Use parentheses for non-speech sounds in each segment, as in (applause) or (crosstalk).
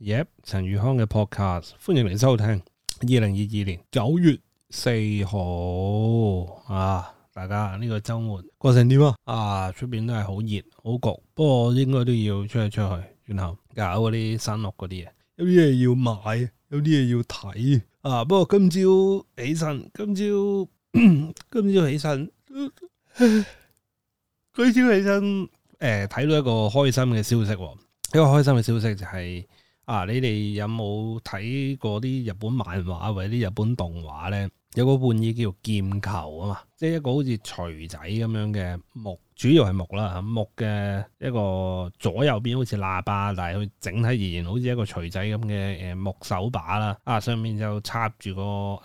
耶！陳宇、yep, 康嘅 Podcast，歡迎嚟收聽。二零二二年九月四號啊，大家呢、這個周末過成點啊？啊，出邊都係好熱好焗，不過應該都要出嚟出去，然後搞嗰啲山樂嗰啲嘢。有啲嘢要買，有啲嘢要睇啊。不過今朝起身，今朝今朝起身，今朝起身， (coughs) 起床起床誒，睇到一個開心嘅消息，一個開心嘅消息就係、是。啊！你哋有冇睇過啲日本漫畫或者啲日本動畫咧？有個玩意叫劍球啊嘛，即係一個好似槌仔咁樣嘅木，主要係木啦嚇。木嘅一個左右邊好似喇叭，但係佢整體而言好似一個槌仔咁嘅誒木手把啦。啊，上面就插住個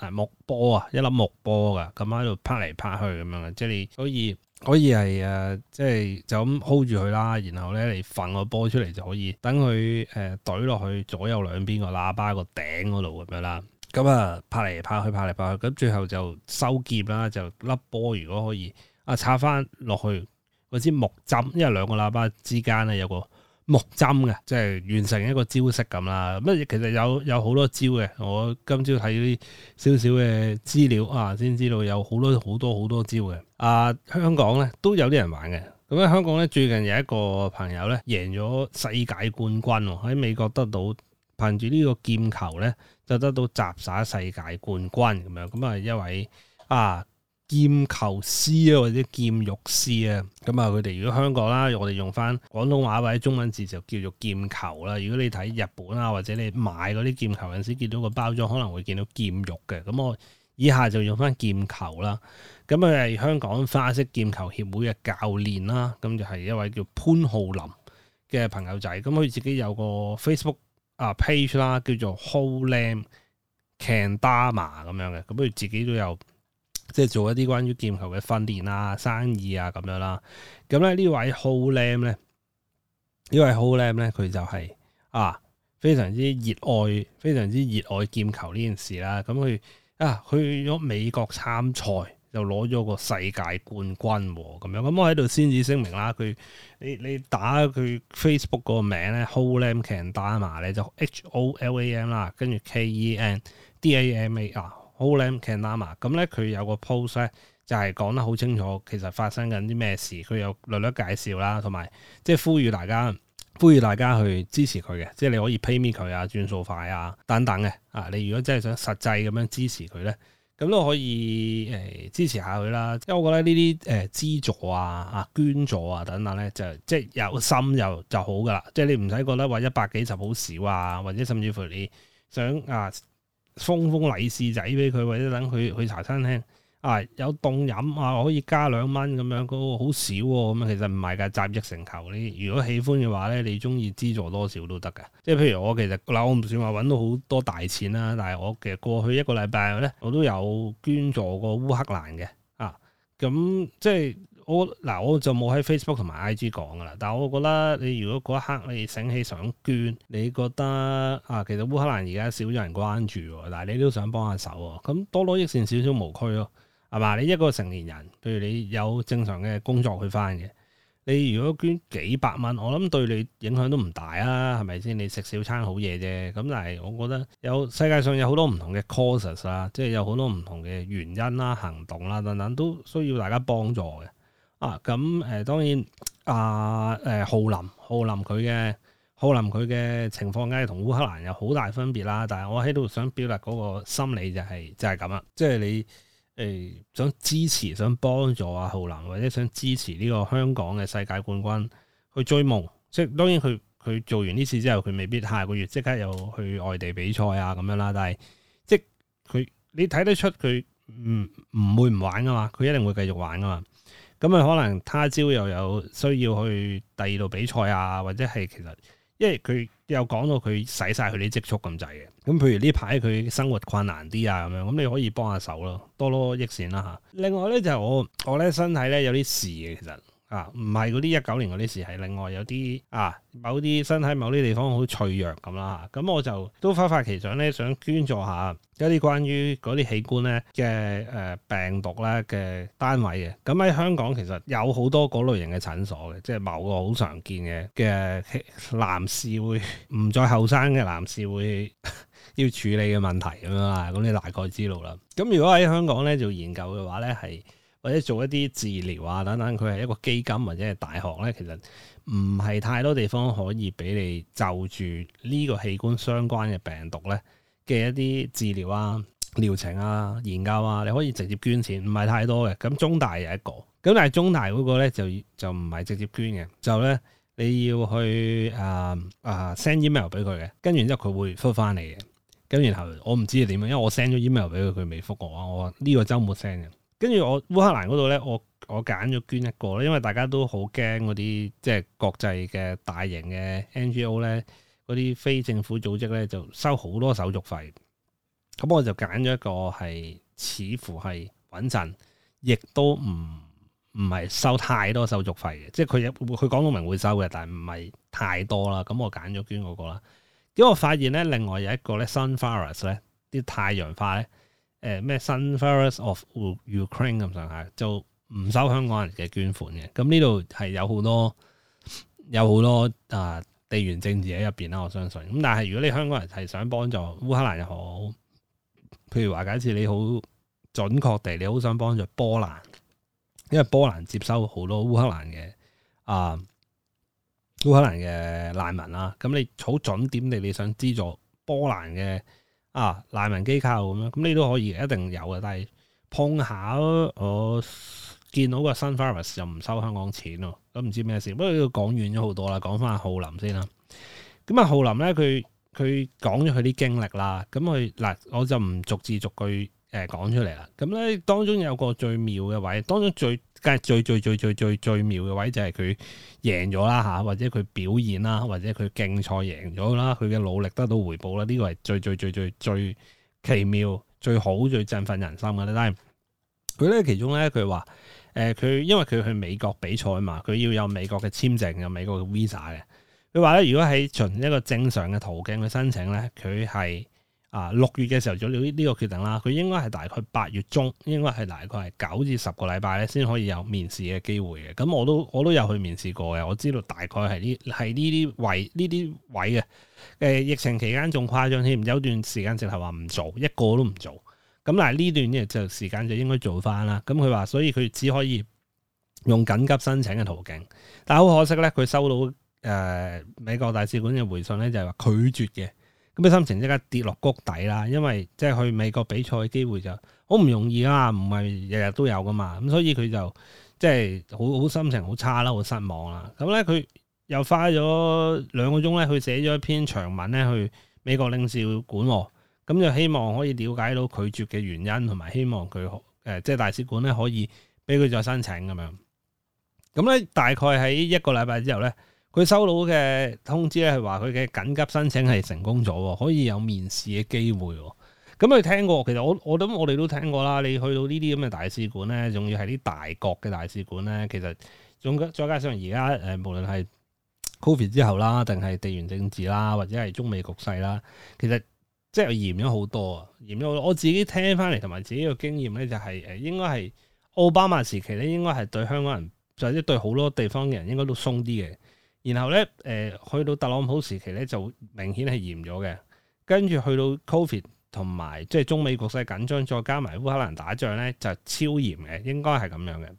誒木波啊，一粒木波㗎，咁喺度拍嚟拍去咁樣嘅，即係你可以。可以係誒，即係就咁 hold 住佢啦，然後咧你瞓個波出嚟就可以，等佢誒懟落去左右兩邊個喇叭個頂嗰度咁樣啦。咁啊拍嚟拍去，拍嚟拍去，咁最後就收劍啦，就甩波。如果可以啊，插翻落去嗰支木針，因為兩個喇叭之間咧有個。木針嘅，即係完成一個招式咁啦。乜其實有有好多招嘅，我今朝睇少少嘅資料啊，先知道有好多好多好多招嘅。啊，香港咧都有啲人玩嘅。咁咧香港咧最近有一個朋友咧贏咗世界冠軍喎，喺美國得到，憑住呢個劍球咧就得到雜耍世界冠軍咁樣。咁啊一位啊。劍球師啊，或者劍玉師啊，咁啊，佢哋如果香港啦，我哋用翻廣東話或者中文字就叫做劍球啦。如果你睇日本啊，或者你買嗰啲劍球嗰陣時，見到個包裝可能會見到劍玉嘅。咁我以下就用翻劍球啦。咁佢係香港花式劍球協會嘅教練啦。咁就係一位叫潘浩林嘅朋友仔。咁佢自己有個 Facebook 啊 page 啦，叫做 Holam Kendama 咁樣嘅。咁佢自己都有。即係做一啲關於劍球嘅訓練啊、生意啊咁樣啦。咁咧呢位 Holam 咧，呢位 Holam 咧佢就係啊非常之熱愛，非常之熱愛劍球呢件事啦。咁佢啊去咗美國參賽，就攞咗個世界冠軍喎。咁樣咁我喺度先至聲明啦，佢你你打佢 Facebook 個名咧 Holam Kendama 咧就 H O L A M 啦，跟住 K E N D A M A 啊。Holam Kendama 咁咧，佢有個 post 咧，就係、是、講得好清楚，其實發生緊啲咩事，佢有略略介紹啦，同埋即係呼籲大家呼籲大家去支持佢嘅，即係你可以 pay me 佢啊，轉數快啊等等嘅啊。你如果真係想實際咁樣支持佢咧，咁都可以誒、欸、支持下佢啦。因為我覺得呢啲誒資助啊、啊捐助啊等等咧，就即係、就是、有心又就好噶啦。即係你唔使覺得話一百幾十好少啊，或者甚至乎你想啊。封封利是仔俾佢，或者等佢去茶餐廳啊，有凍飲啊，可以加兩蚊咁樣，嗰個好少喎。咁啊，其實唔係㗎，集益成球，你如果喜歡嘅話咧，你中意資助多少都得嘅。即係譬如我其實嗱，我唔算話揾到好多大錢啦，但係我其實過去一個禮拜咧，我都有捐助過烏克蘭嘅啊。咁即係。我嗱，我就冇喺 Facebook 同埋 IG 講噶啦，但係我覺得你如果嗰一刻你醒起想捐，你覺得啊其實烏克蘭而家少咗人關注，但係你都想幫下手喎，咁多多益善少少無區咯，係嘛？你一個成年人，譬如你有正常嘅工作去返嘅，你如果捐幾百蚊，我諗對你影響都唔大啊，係咪先？你食少餐好嘢啫，咁但係我覺得有世界上有好多唔同嘅 causes 啊，即係有好多唔同嘅原因啦、行動啦等等，都需要大家幫助嘅。啊，咁誒、呃，當然啊，誒、呃，浩林，浩林佢嘅浩林佢嘅情況梗係，同烏克蘭有好大分別啦。但係我喺度想表達嗰個心理就係、是、就係咁啦，即係你誒、呃、想支持想幫助啊，浩林或者想支持呢個香港嘅世界冠軍去追夢。即係當然佢佢做完呢次之後，佢未必下個月即刻又去外地比賽啊，咁樣啦。但係即係佢你睇得出佢唔唔會唔玩噶嘛，佢一定會繼續玩噶嘛。咁啊，可能他朝又有需要去第二度比賽啊，或者係其實，因為佢有講到佢使晒佢啲積蓄咁滯嘅，咁譬如呢排佢生活困難啲啊，咁樣咁你可以幫下手咯，多多益善啦嚇。另外咧就係我我咧身體咧有啲事嘅，其實。啊，唔係嗰啲一九年嗰啲事，係另外有啲啊，某啲身體某啲地方好脆弱咁啦嚇，咁、啊、我就都發發奇想咧，想捐助一下一啲關於嗰啲器官咧嘅誒病毒咧嘅單位嘅。咁喺香港其實有好多嗰類型嘅診所嘅，即係某個好常見嘅嘅男士會唔再後生嘅男士會 (laughs) 要處理嘅問題咁樣啊，咁你大概知道啦。咁如果喺香港咧做研究嘅話咧，係。或者做一啲治療啊，等等，佢係一個基金或者係大學咧，其實唔係太多地方可以俾你就住呢個器官相關嘅病毒咧嘅一啲治療啊、療程啊、研究啊，你可以直接捐錢，唔係太多嘅。咁中大有一個，咁但係中大嗰個咧就就唔係直接捐嘅，就咧你要去誒誒 send email 俾佢嘅，跟住之後佢會覆返嚟嘅。跟然後我唔知係點樣，因為我 send 咗 email 俾佢，佢未覆我，我呢個週末 send 嘅。跟住我烏克蘭嗰度咧，我我揀咗捐一個咧，因為大家都好驚嗰啲即係國際嘅大型嘅 NGO 咧，嗰啲非政府組織咧就收好多手續費。咁我就揀咗一個係似乎係穩陣，亦都唔唔係收太多手續費嘅，即係佢佢講到明會收嘅，但係唔係太多啦。咁我揀咗捐嗰個啦。因為我發現咧，另外有一個咧，sunflowers 咧，啲太陽花咧。誒咩 Sunflowers、呃、of Ukraine 咁上下就唔收香港人嘅捐款嘅。咁呢度係有好多有好多啊、呃、地緣政治喺入邊啦。我相信。咁但係如果你香港人係想幫助烏克蘭又好，譬如話假設你好準確地，你好想幫助波蘭，因為波蘭接收好多烏克蘭嘅啊、呃、烏克蘭嘅難民啦。咁你好準點地你想資助波蘭嘅？啊，難民機構咁樣，咁你都可以，一定有嘅。但係碰巧我見到個新 Floris 就唔收香港錢咯，都唔知咩事。不過要講遠咗好多啦，講翻浩林先啦。咁啊，浩林咧，佢佢講咗佢啲經歷啦。咁佢嗱，我就唔逐字逐句誒、呃、講出嚟啦。咁咧，當中有個最妙嘅位，當中最。梗係最最最最最最妙嘅位就係佢贏咗啦嚇，或者佢表現啦，或者佢競賽贏咗啦，佢嘅努力得到回報啦，呢、這個係最最最最最奇妙、最好、最振奮人心嘅咧。但係佢咧其中咧，佢話誒，佢、呃、因為佢去美國比賽嘛，佢要有美國嘅簽證、有美國嘅 Visa 嘅。佢話咧，如果喺循一個正常嘅途徑去申請咧，佢係。啊！六月嘅時候做咗呢呢個決定啦，佢應該係大概八月中，應該係大概係九至十個禮拜咧，先可以有面試嘅機會嘅。咁我都我都有去面試過嘅，我知道大概係呢係呢啲位呢啲位嘅。誒，疫情期間仲誇張添，有段時間淨係話唔做，一個都唔做。咁但係呢段嘢就時間就應該做翻啦。咁佢話，所以佢只可以用緊急申請嘅途徑，但係好可惜咧，佢收到誒、呃、美國大使館嘅回信咧，就係話拒絕嘅。咁佢心情即刻跌落谷底啦，因為即係去美國比賽嘅機會就好唔容易呀，唔係日日都有噶嘛，咁所以佢就即係好好心情好差啦，好失望啦。咁咧佢又花咗兩個鐘咧，去寫咗一篇長文咧去美國領事館，咁就希望可以了解到拒絕嘅原因，同埋希望佢誒即係大使館咧可以俾佢再申請咁樣。咁，嗯，咧大概喺一個禮拜之後咧。佢收到嘅通知咧，係話佢嘅緊急申請係成功咗，可以有面試嘅機會。咁佢聽過？其實我我諗，我哋都聽過啦。你去到呢啲咁嘅大使館咧，仲要係啲大國嘅大使館咧，其實仲再加上而家誒，無論係 Covid 之後啦，定係地緣政治啦，或者係中美局勢啦，其實即係嚴咗好多啊！嚴咗好多，我自己聽翻嚟同埋自己嘅經驗咧，就係、是、誒，應該係奧巴馬時期咧，應該係對香港人，就者、是、對好多地方嘅人，應該都鬆啲嘅。然後咧，誒，去到特朗普時期咧，就明顯係嚴咗嘅。跟住去到 Covid 同埋即係中美局勢緊張，再加埋烏克蘭打仗咧，就超嚴嘅，應該係咁樣嘅。咁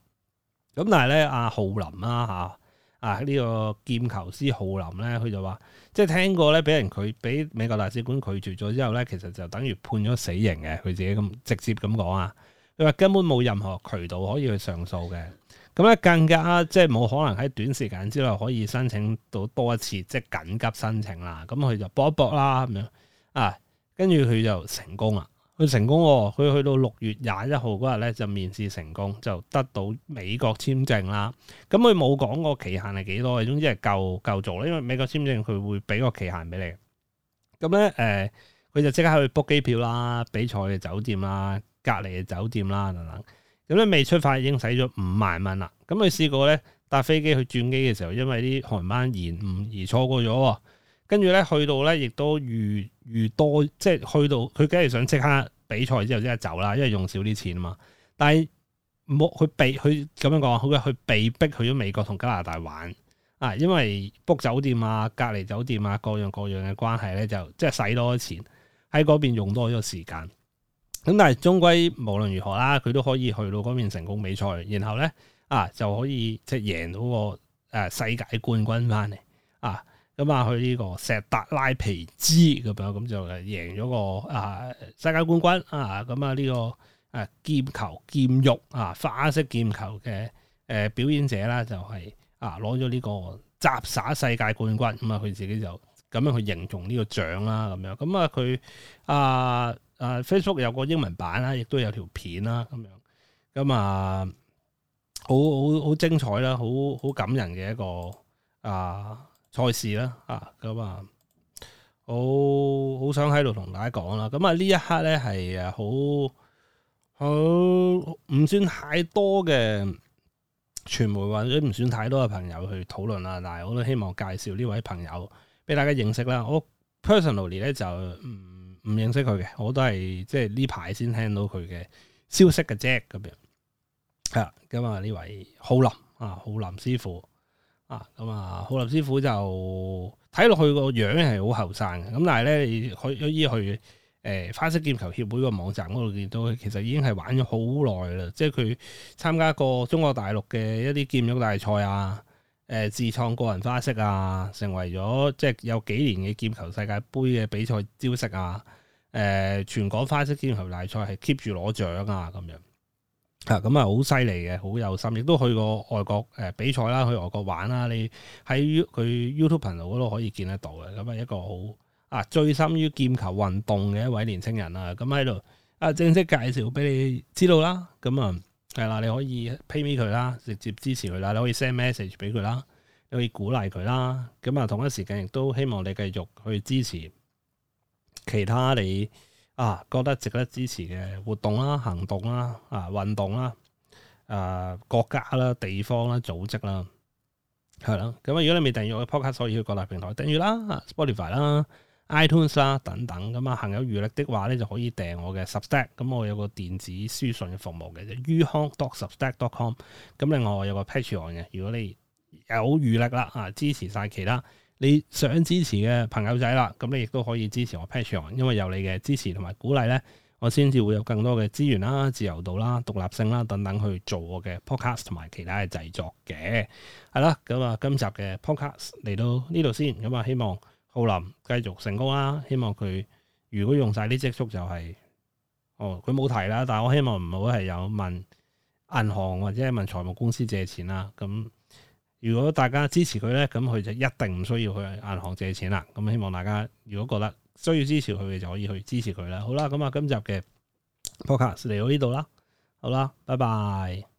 但係咧，阿浩林啦吓，啊呢、啊這個劍球師浩林咧，佢就話即係聽過咧，俾人拒，俾美國大使館拒絕咗之後咧，其實就等於判咗死刑嘅。佢自己咁直接咁講啊，佢話根本冇任何渠道可以去上訴嘅。咁咧更加即係冇可能喺短時間之內可以申請到多一次，即係緊急申請啦。咁佢就搏一搏啦咁樣啊，跟住佢就成功啦。佢成功，佢去到六月廿一號嗰日咧就面試成功，就得到美國簽證啦。咁佢冇講個期限係幾多嘅，總之係夠夠做啦。因為美國簽證佢會俾個期限俾你。咁咧誒，佢就即刻去 book 機票啦、比賽嘅酒店啦、隔離嘅酒店啦等等。咁咧未出發已經使咗五萬蚊啦。咁佢試過咧搭飛機去轉機嘅時候，因為啲航班延誤而錯過咗。跟住咧去到咧亦都遇遇多，即係去到佢梗係想即刻比賽之後即刻走啦，因為用少啲錢嘛。但係冇佢被佢咁樣講，好佢被逼去咗美國同加拿大玩啊，因為 book 酒店啊、隔離酒店啊、各樣各樣嘅關係咧，就即係使多咗錢喺嗰邊用多咗時間。咁但係終歸無論如何啦，佢都可以去到嗰邊成功比賽，然後咧啊就可以即係贏到個誒、呃、世界冠軍翻嚟啊！咁啊去呢個石達拉皮茲咁樣，咁就贏咗個啊世界冠軍啊！咁啊呢個誒劍球劍玉啊花式劍球嘅誒、呃、表演者啦，就係、是、啊攞咗呢個雜耍世界冠軍。咁、嗯、啊佢自己就咁樣去形容呢個獎啦，咁樣咁啊佢啊。啊，Facebook 有個英文版啦，亦都有條片啦，咁樣咁啊，好好好精彩啦，好好感人嘅一個啊賽事啦，啊咁啊，好好想喺度同大家講啦，咁啊呢一刻咧係啊好好唔算太多嘅傳媒或者唔算太多嘅朋友去討論啦，但係我都希望介紹呢位朋友俾大家認識啦。我 personally 咧就唔，嗯唔認識佢嘅，我都係即係呢排先聽到佢嘅消息嘅啫、啊，咁樣係啦。咁啊呢位浩林啊，浩林師傅啊，咁啊浩林師傅就睇落去個樣係好後生嘅，咁但係咧，佢可以去誒、呃、花式劍球協會個網站嗰度見到，佢其實已經係玩咗好耐啦，即係佢參加過中國大陸嘅一啲劍玉大賽啊。誒，自創個人花式啊，成為咗即係有幾年嘅劍球世界杯嘅比賽招式啊，誒、呃，全港花式劍球大賽係 keep 住攞獎啊，咁樣吓，咁啊好犀利嘅，好有心，亦都去過外國誒、呃、比賽啦，去外國玩啦，你喺佢 YouTube 頻道嗰度可以見得到嘅，咁、嗯、啊一個好啊，最深於劍球運動嘅一位年青人啊。咁喺度啊，正式介紹俾你知道啦，咁、嗯、啊。係啦，你可以 pay 俾佢啦，直接支持佢啦，你可以 send message 俾佢啦，你可以鼓勵佢啦。咁啊，同一時間亦都希望你繼續去支持其他你啊覺得值得支持嘅活動啦、行動啦、啊運動啦、誒、啊、國家啦、地方啦、組織啦，係啦。咁如果你未訂閱我嘅 podcast，可以去各大平台訂閱啦，啊 Spotify 啦。iTunes 啦，等等咁啊，行有餘力的話咧，就可以訂我嘅 Substack，咁、嗯、我有個電子書信嘅服務嘅，就於康 dot Substack.com，咁、嗯、另外我有個 Patreon 嘅。如果你有餘力啦啊，支持晒其他你想支持嘅朋友仔啦，咁、嗯、你亦都可以支持我 Patreon，因為有你嘅支持同埋鼓勵咧，我先至會有更多嘅資源啦、自由度啦、獨立性啦等等去做我嘅 podcast 同埋其他嘅製作嘅。係、嗯、啦，咁、嗯、啊、嗯，今集嘅 podcast 嚟到呢度先，咁、嗯、啊、嗯，希望。奧林繼續成功啦，希望佢如果用晒啲積蓄就係、是，哦佢冇提啦，但我希望唔好係有問銀行或者係問財務公司借錢啦。咁、嗯、如果大家支持佢咧，咁佢就一定唔需要去銀行借錢啦。咁、嗯、希望大家如果覺得需要支持佢嘅，就可以去支持佢啦。好啦，咁啊今集嘅 Podcast 嚟到呢度啦，好啦，拜拜。